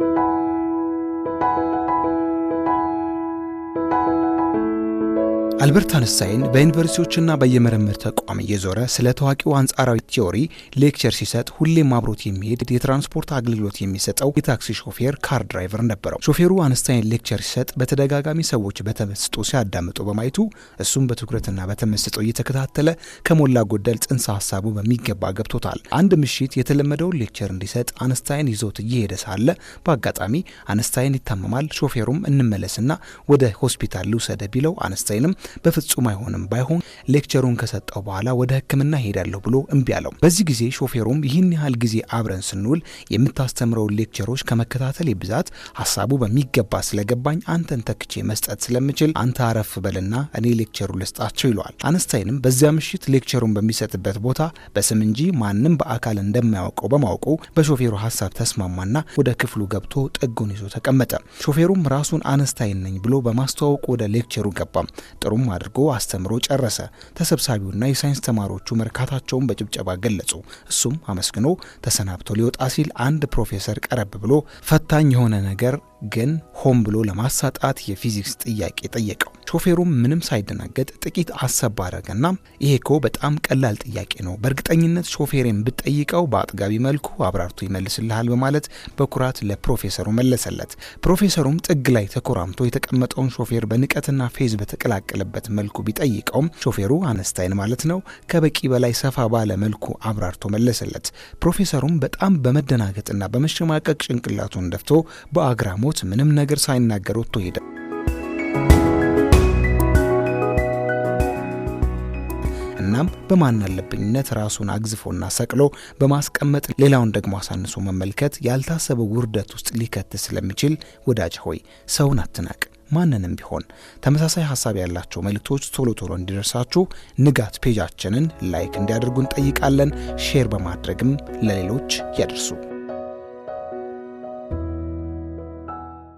Thank you. አልበርት አንስታይን በዩኒቨርሲቲዎችና በየምርምር ተቋም እየዞረ ስለ ታዋቂው አንጻራዊ ቲዎሪ ሌክቸር ሲሰጥ ሁሌም አብሮት የሚሄድ የትራንስፖርት አገልግሎት የሚሰጠው የታክሲ ሾፌር ካር ድራይቨር ነበረው። ሾፌሩ አንስታይን ሌክቸር ሲሰጥ በተደጋጋሚ ሰዎች በተመስጦ ሲያዳምጡ በማየቱ እሱም በትኩረትና በተመስጦ እየተከታተለ ከሞላ ጎደል ጽንሰ ሀሳቡ በሚገባ ገብቶታል። አንድ ምሽት የተለመደውን ሌክቸር እንዲሰጥ አንስታይን ይዞት እየሄደ ሳለ በአጋጣሚ አንስታይን ይታመማል። ሾፌሩም እንመለስና ወደ ሆስፒታል ልውሰደ ቢለው አንስታይንም በፍጹም አይሆንም፣ ባይሆን ሌክቸሩን ከሰጠው በኋላ ወደ ህክምና ሄዳለሁ ብሎ እምቢ አለው። በዚህ ጊዜ ሾፌሩም ይህን ያህል ጊዜ አብረን ስንውል የምታስተምረውን ሌክቸሮች ከመከታተል ብዛት ሀሳቡ በሚገባ ስለገባኝ አንተን ተክቼ መስጠት ስለምችል አንተ አረፍ በልና እኔ ሌክቸሩ ልስጣቸው ይለዋል። አነስታይንም በዚያ ምሽት ሌክቸሩን በሚሰጥበት ቦታ በስም እንጂ ማንም በአካል እንደማያውቀው በማውቁ በሾፌሩ ሀሳብ ተስማማና ወደ ክፍሉ ገብቶ ጥጉን ይዞ ተቀመጠ። ሾፌሩም ራሱን አነስታይን ነኝ ብሎ በማስተዋወቁ ወደ ሌክቸሩ ገባም። ጥሩ ግሩም አድርጎ አስተምሮ ጨረሰ። ተሰብሳቢውና የሳይንስ ተማሪዎቹ መርካታቸውን በጭብጨባ ገለጹ። እሱም አመስግኖ ተሰናብቶ ሊወጣ ሲል አንድ ፕሮፌሰር ቀረብ ብሎ ፈታኝ የሆነ ነገር ግን ሆን ብሎ ለማሳጣት የፊዚክስ ጥያቄ ጠየቀው። ሾፌሩም ምንም ሳይደናገጥ ጥቂት አሰብ አደረገና ይሄ እኮ በጣም ቀላል ጥያቄ ነው፣ በእርግጠኝነት ሾፌሬን ብትጠይቀው በአጥጋቢ መልኩ አብራርቶ ይመልስልሃል በማለት በኩራት ለፕሮፌሰሩ መለሰለት። ፕሮፌሰሩም ጥግ ላይ ተኮራምቶ የተቀመጠውን ሾፌር በንቀትና ፌዝ በተቀላቀለበት መልኩ ቢጠይቀውም ሾፌሩ አነስታይን ማለት ነው ከበቂ በላይ ሰፋ ባለ መልኩ አብራርቶ መለሰለት። ፕሮፌሰሩም በጣም በመደናገጥና በመሸማቀቅ ጭንቅላቱን ደፍቶ በአግራሞት ምንም ነገር ሳይናገር ወጥቶ ሄደ። እናም አለብኝነት ራሱን አግዝፎና ሰቅሎ በማስቀመጥ ሌላውን ደግሞ አሳንሶ መመልከት ያልታሰበ ውርደት ውስጥ ሊከት ስለሚችል ወዳጅ ሆይ ሰውን አትናቅ። ማንንም ቢሆን ተመሳሳይ ሀሳብ ያላቸው መልእክቶች ቶሎ ቶሎ እንዲደርሳችሁ ንጋት ፔጃችንን ላይክ እንዲያደርጉ እንጠይቃለን። ሼር በማድረግም ለሌሎች ያደርሱ።